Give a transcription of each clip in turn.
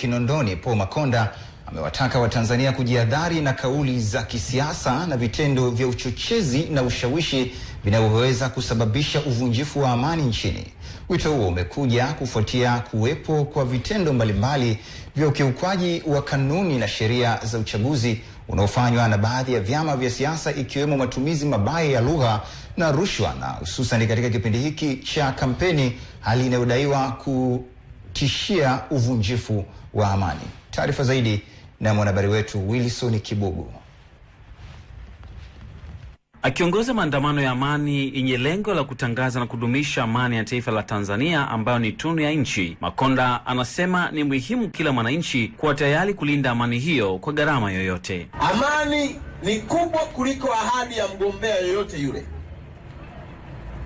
Kinondoni Paul Makonda amewataka Watanzania kujiadhari na kauli za kisiasa na vitendo vya uchochezi na ushawishi vinavyoweza kusababisha uvunjifu wa amani nchini. Wito huo umekuja kufuatia kuwepo kwa vitendo mbalimbali vya ukiukwaji wa kanuni na sheria za uchaguzi unaofanywa na baadhi ya vyama vya siasa ikiwemo matumizi mabaya ya lugha na rushwa, na hususan katika kipindi hiki cha kampeni, hali inayodaiwa ku kutishia uvunjifu wa amani. Taarifa zaidi na mwanahabari wetu Wilson Kibugu. Akiongoza maandamano ya amani yenye lengo la kutangaza na kudumisha amani ya taifa la Tanzania ambayo ni tunu ya nchi, Makonda anasema ni muhimu kila mwananchi kuwa tayari kulinda amani hiyo kwa gharama yoyote. Amani ni kubwa kuliko ahadi ya mgombea yoyote yule.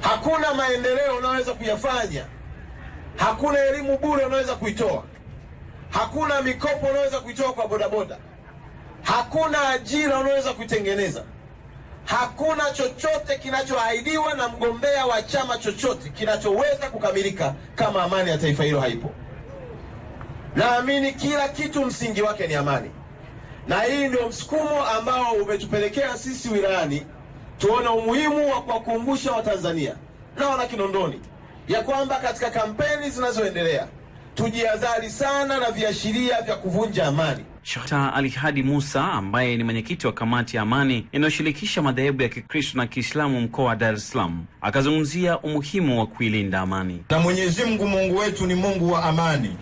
Hakuna maendeleo unayoweza kuyafanya Hakuna elimu bure unaweza kuitoa, hakuna mikopo unaweza kuitoa kwa bodaboda, hakuna ajira unaweza kuitengeneza, hakuna chochote kinachoahidiwa na mgombea wa chama chochote kinachoweza kukamilika kama amani ya taifa hilo haipo. Naamini kila kitu msingi wake ni amani, na hii ndio msukumo ambao umetupelekea sisi wilayani tuone umuhimu wa kuwakumbusha Watanzania na wana Kinondoni ya kwamba katika kampeni zinazoendelea tujihadhari sana na viashiria vya kuvunja amani. Shata Ali Hadi Musa ambaye ni mwenyekiti wa kamati ya amani inayoshirikisha madhehebu ya Kikristo na Kiislamu mkoa wa Dar es Salaam akazungumzia umuhimu wa kuilinda amani. Na Mwenyezi Mungu Mungu wetu ni Mungu wa amani,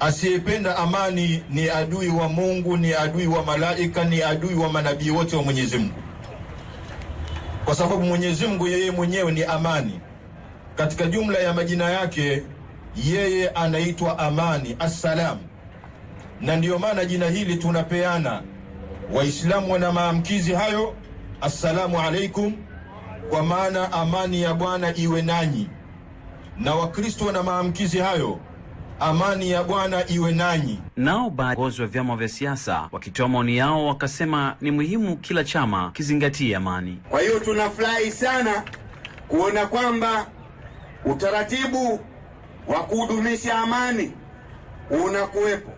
asiyependa amani ni adui wa Mungu, ni adui wa malaika, ni adui wa manabii wote wa Mwenyezi Mungu, kwa sababu Mwenyezi Mungu yeye mwenyewe ni amani katika jumla ya majina yake yeye anaitwa amani, assalam. Na ndiyo maana jina hili tunapeana Waislamu wana maamkizi hayo, assalamu alaikum, kwa maana amani ya Bwana iwe nanyi, na Wakristo wana maamkizi hayo amani ya Bwana iwe nanyi. Nao baadhi wa vyama vya siasa wakitoa maoni yao wakasema ni muhimu kila chama kizingatie amani. Kwa hiyo tunafurahi sana kuona kwamba Utaratibu wa kudumisha amani unakuwepo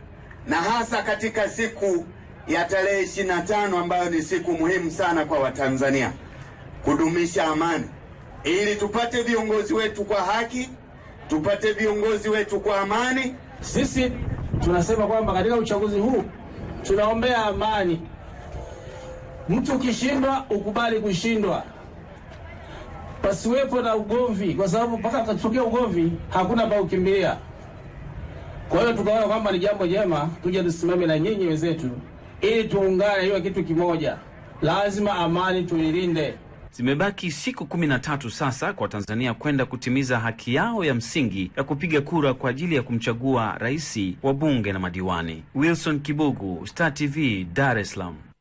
na hasa katika siku ya tarehe ishirini na tano ambayo ni siku muhimu sana kwa Watanzania kudumisha amani, ili tupate viongozi wetu kwa haki, tupate viongozi wetu kwa amani. Sisi tunasema kwamba katika uchaguzi huu tunaombea amani. Mtu ukishindwa ukubali kushindwa pasiwepo na ugomvi, kwa sababu mpaka akatokea ugomvi hakuna pa kukimbilia. Kwa hiyo tukaona kwamba ni jambo jema tuje tusimame na nyinyi wenzetu, ili tuungane, iwe kitu kimoja. Lazima amani tuilinde. Zimebaki siku kumi na tatu sasa kwa Tanzania kwenda kutimiza haki yao ya msingi ya kupiga kura kwa ajili ya kumchagua rais, wabunge na madiwani. Wilson Kibugu, Star TV, Dar es Salaam.